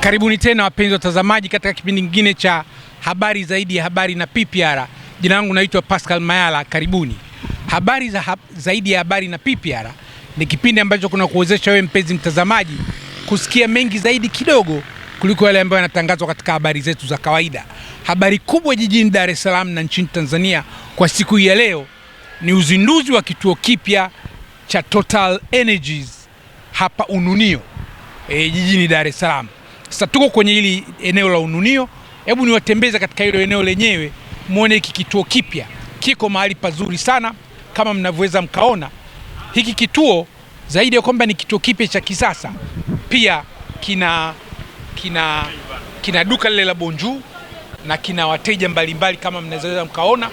Karibuni tena wapenzi watazamaji, katika kipindi kingine cha habari zaidi ya habari na PPR. Jina langu naitwa Pascal Mayala. Karibuni habari za hab zaidi ya habari na PPR ni kipindi ambacho kuna kuwezesha wewe mpenzi mtazamaji kusikia mengi zaidi kidogo kuliko yale ambayo yanatangazwa katika habari zetu za kawaida. Habari kubwa jijini Dar es Salaam na nchini Tanzania kwa siku hii ya leo ni uzinduzi wa kituo kipya cha Total Energies hapa Ununio e, jijini Dar es Salaam. Sasa tuko kwenye hili eneo la Ununio, hebu niwatembeze katika hilo eneo lenyewe muone hiki kituo kipya kiko mahali pazuri sana kama mnavyoweza mkaona. Hiki kituo zaidi ya kwamba ni kituo kipya cha kisasa, pia kina, kina, kina duka lile la Bonju na kina wateja mbalimbali kama mnaweza mkaona,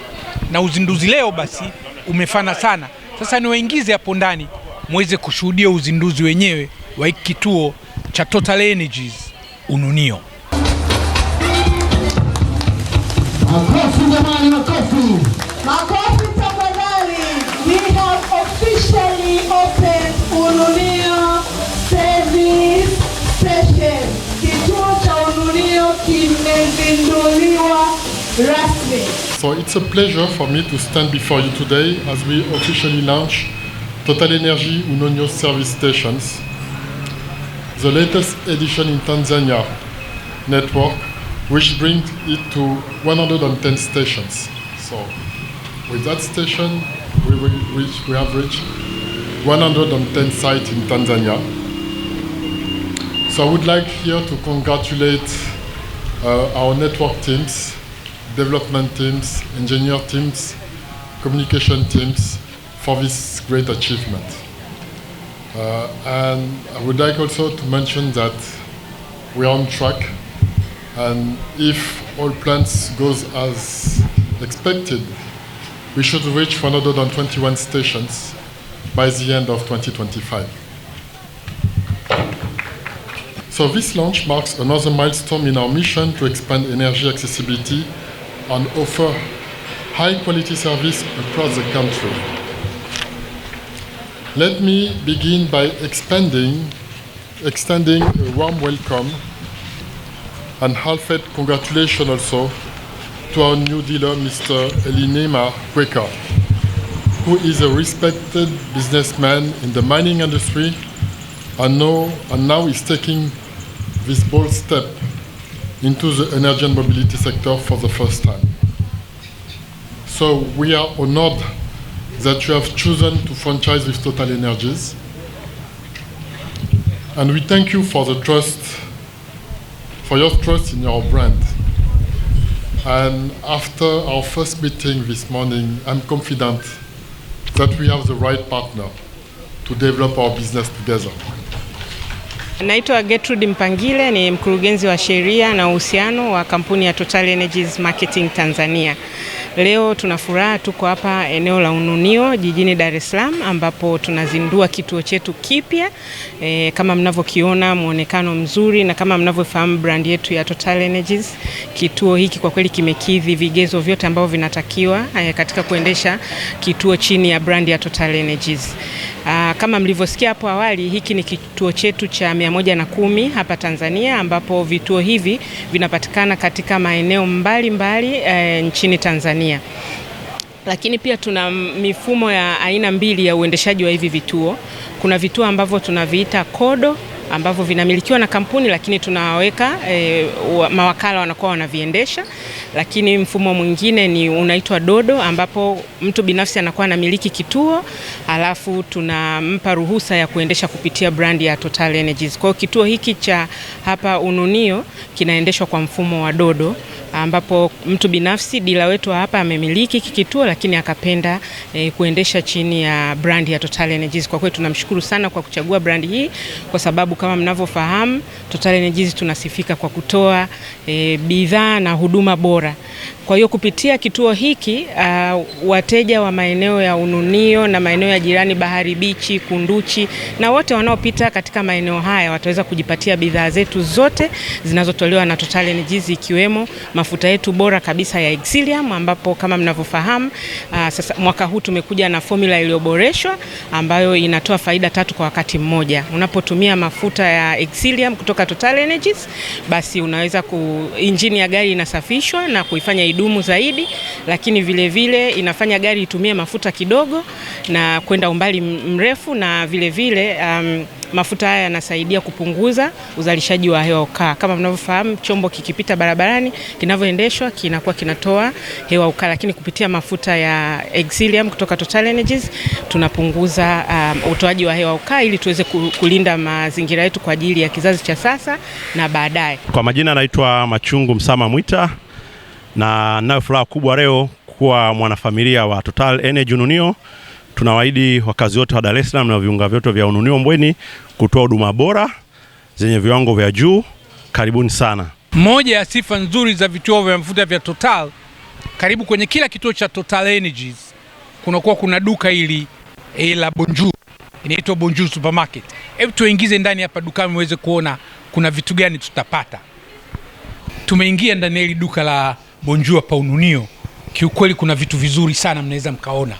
na uzinduzi leo basi umefana sana. Sasa niwaingize hapo ndani muweze kushuhudia uzinduzi wenyewe wa hiki kituo cha Total Energies. Ununio. Makofi jamani, makofi. Makofi tafadhali. We have officially opened Ununio service station. Kituo cha Ununio kimezinduliwa rasmi. So it's a pleasure for me to stand before you today as we officially launch Total Energy Ununio service stations. the latest edition in Tanzania network, which brings it to 110 stations. So with that station, we, will reach, we have reached 110 sites in Tanzania. So I would like here to congratulate uh, our network teams, development teams, engineer teams, communication teams for this great achievement. Uh, and I would like also to mention that we're on track. And if all plans goes as expected, we should reach 121 stations by the end of 2025. So this launch marks another milestone in our mission to expand energy accessibility and offer high quality service across the country. Let me begin by expanding, extending a warm welcome and heartfelt congratulations also to our new dealer, Mr. Elinema Quaker, who is a respected businessman in the mining industry and now, and now is taking this bold step into the energy and mobility sector for the first time. So we are honored that you have chosen to franchise with Total Energies. And we thank you for the trust, for your trust in your brand. And after our first meeting this morning, I'm confident that we have the right partner to develop our business together. Naitwa Gertrude Mpangile ni mkurugenzi wa sheria na uhusiano wa kampuni ya Total Energies Marketing Tanzania. Leo tuna furaha, tuko hapa eneo la Ununio jijini Dar es Salaam ambapo tunazindua kituo chetu kipya e, kama mnavyokiona mwonekano mzuri na kama mnavyofahamu brand yetu ya Total Energies. Kituo hiki kwa kweli kimekidhi vigezo vyote ambavyo vinatakiwa e, katika kuendesha kituo chini ya brand ya Total Energies. Aa, ah, kama mlivyosikia hapo awali, hiki ni kituo chetu cha mia moja na kumi hapa Tanzania ambapo vituo hivi vinapatikana katika maeneo mbalimbali mbali, eh, e, nchini Tanzania lakini pia tuna mifumo ya aina mbili ya uendeshaji wa hivi vituo. Kuna vituo ambavyo tunaviita kodo ambavyo vinamilikiwa na kampuni lakini tunawaweka e, eh, mawakala wanakuwa wanaviendesha. Lakini mfumo mwingine ni unaitwa dodo, ambapo mtu binafsi anakuwa anamiliki kituo alafu tunampa ruhusa ya kuendesha kupitia brandi ya Total Energies. Kwa hiyo kituo hiki cha hapa Ununio kinaendeshwa kwa mfumo wa dodo ambapo mtu binafsi dila wetu hapa amemiliki kikituo lakini akapenda e, kuendesha chini ya brandi ya Total Energies. Kwa kweli tunamshukuru sana kwa kuchagua brandi hii, kwa sababu kama mnavyofahamu Total Energies tunasifika kwa kutoa e, bidhaa na huduma bora. Kwa hiyo kupitia kituo hiki uh, wateja wa maeneo ya Ununio na maeneo ya jirani Bahari Bichi, Kunduchi na wote wanaopita katika maeneo haya wataweza kujipatia bidhaa zetu zote zinazotolewa na Total Energies ikiwemo mafuta yetu bora kabisa ya Exilium ambapo kama mnavyofahamu uh, sasa mwaka huu tumekuja na formula iliyoboreshwa ambayo inatoa faida tatu kwa wakati mmoja. Unapotumia mafuta ya Exilium kutoka Total Energies, basi unaweza ku injini ya gari inasafishwa na kuifanya idumu zaidi, lakini vile vile inafanya gari itumie mafuta kidogo na kwenda umbali mrefu na vile vile um, Mafuta haya yanasaidia kupunguza uzalishaji wa hewa ukaa. Kama mnavyofahamu, chombo kikipita barabarani kinavyoendeshwa kinakuwa kinatoa hewa ukaa, lakini kupitia mafuta ya Exilium kutoka Total Energies tunapunguza um, utoaji wa hewa ukaa ili tuweze kulinda mazingira yetu kwa ajili ya kizazi cha sasa na baadaye. Kwa majina naitwa Machungu Msama Mwita na nayo furaha kubwa leo kuwa mwanafamilia wa Total Energy Ununio. Tunawaahidi wakazi wote wa Dar es Salaam na viunga vyote vya Ununio Mbweni kutoa huduma bora zenye viwango vya juu. Karibuni sana. Moja ya sifa nzuri za vituo vya mafuta vya Total, karibu kwenye kila kituo cha Total Energies kunakuwa kuna duka hili eh, la Bonjour, inaitwa Bonjour Supermarket. Hebu tuingize ndani hapa dukani muweze kuona kuna vitu gani tutapata. Tumeingia ndani hili duka la Bonjour hapa Ununio, kiukweli kuna vitu vizuri sana mnaweza mkaona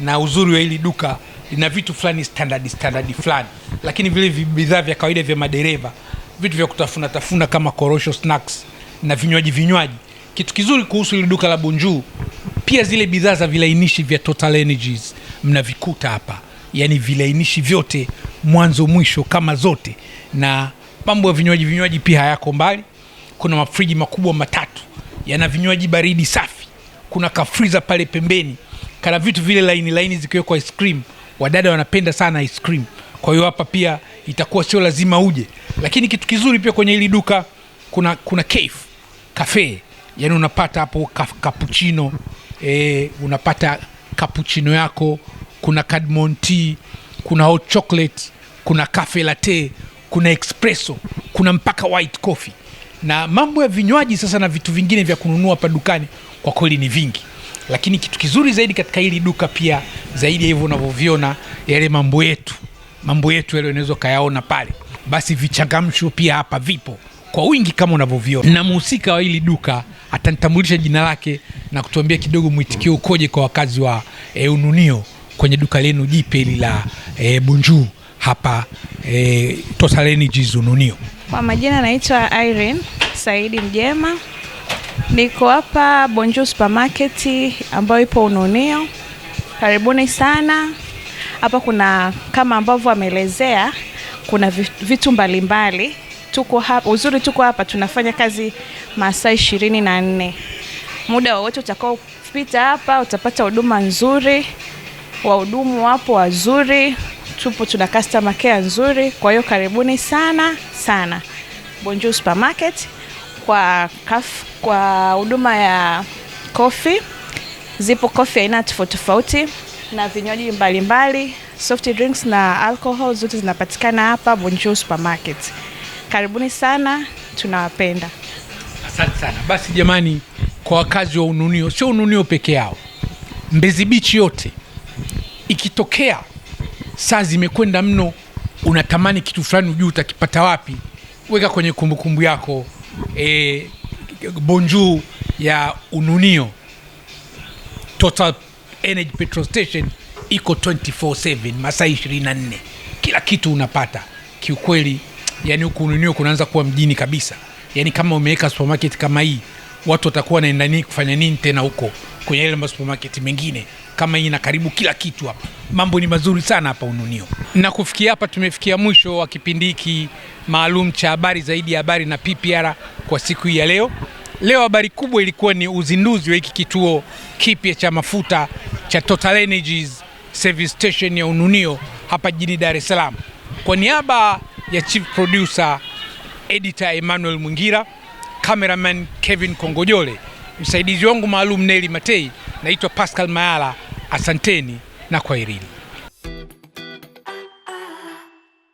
na uzuri wa hili duka lina vitu fulani standard standard fulani, lakini vile bidhaa vya kawaida vya madereva, vitu vya kutafuna tafuna kama korosho, snacks na vinywaji vinywaji. Kitu kizuri kuhusu hili duka la Bunju, pia zile bidhaa za vilainishi vya Total Energies mnavikuta hapa, yani vilainishi vyote mwanzo mwisho kama zote, na mambo ya vinywaji vinywaji pia hayako mbali. Kuna mafriji makubwa matatu yana vinywaji baridi safi, kuna kafriza pale pembeni kana vitu vile laini laini zikiwekwa cream, wadada wanapenda sana cream. Kwa hiyo hapa pia itakuwa sio lazima uje, lakini kitu kizuri pia kwenye hili duka kuna kuna cafe cafe, yani unapata hapo cappuccino e, unapata cappuccino yako, kuna cardamom tea, kuna hot chocolate, kuna cafe latte, kuna espresso, kuna mpaka white coffee na mambo ya vinywaji sasa na vitu vingine vya kununua hapa dukani kwa kweli ni vingi lakini kitu kizuri zaidi katika hili duka pia zaidi ya hivyo unavyoviona yale mambo yetu mambo yetu yale unaweza ukayaona pale, basi vichangamsho pia hapa vipo kwa wingi kama unavyoviona. Na mhusika wa hili duka atanitambulisha jina lake na kutuambia kidogo mwitikio ukoje kwa wakazi wa e, Ununio kwenye duka lenu jipe hili la e, Bunju hapa e, eh, tosaleni Energies Ununio. Kwa majina naitwa Irene Saidi Mjema Niko hapa Bonjour Supermarket ambayo ipo Ununio, karibuni sana. Hapa kuna kama ambavyo ameelezea, kuna vitu mbalimbali. Tuko hapa uzuri, tuko hapa tunafanya kazi masaa ishirini na nne. Muda wowote utakaopita hapa utapata huduma nzuri, wahudumu wapo wazuri, tupo tuna customer care nzuri. Kwa hiyo karibuni sana sana Bonjour Supermarket kwa kafu kwa huduma ya kofi. Zipo kofi aina tofauti tofauti na vinywaji mbalimbali, soft drinks na alcohol zote zinapatikana hapa Bonjour Supermarket. Karibuni sana, tunawapenda. Asante sana. Basi jamani, kwa wakazi wa Ununio, sio Ununio peke yao, Mbezi Beach yote, ikitokea saa zimekwenda mno, unatamani kitu fulani, hujui utakipata wapi, weka kwenye kumbukumbu kumbu yako e, Bonjuu ya Ununio, Total Energy petrol station iko 24/7 masaa 24, kila kitu unapata kiukweli. Yani huku Ununio kunaanza kuwa mjini kabisa, yani kama umeweka supermarket kama hii, watu watakuwa wanaenda nini kufanya nini tena huko kwenye ile supermarket mengine kama hii, na karibu kila kitu hapa mambo ni mazuri sana hapa Ununio, na kufikia hapa tumefikia mwisho wa kipindi hiki maalum cha habari zaidi ya habari na PPR kwa siku hii ya leo. Leo habari kubwa ilikuwa ni uzinduzi wa hiki kituo kipya cha mafuta cha Total Energies Service Station ya Ununio hapa jijini Dar es Salaam. Kwa niaba ya Chief Producer Editor Emmanuel Mwingira, Cameraman Kevin Kongojole, msaidizi wangu maalum Neli Matei, naitwa Pascal Mayala. Asanteni na kwaherini.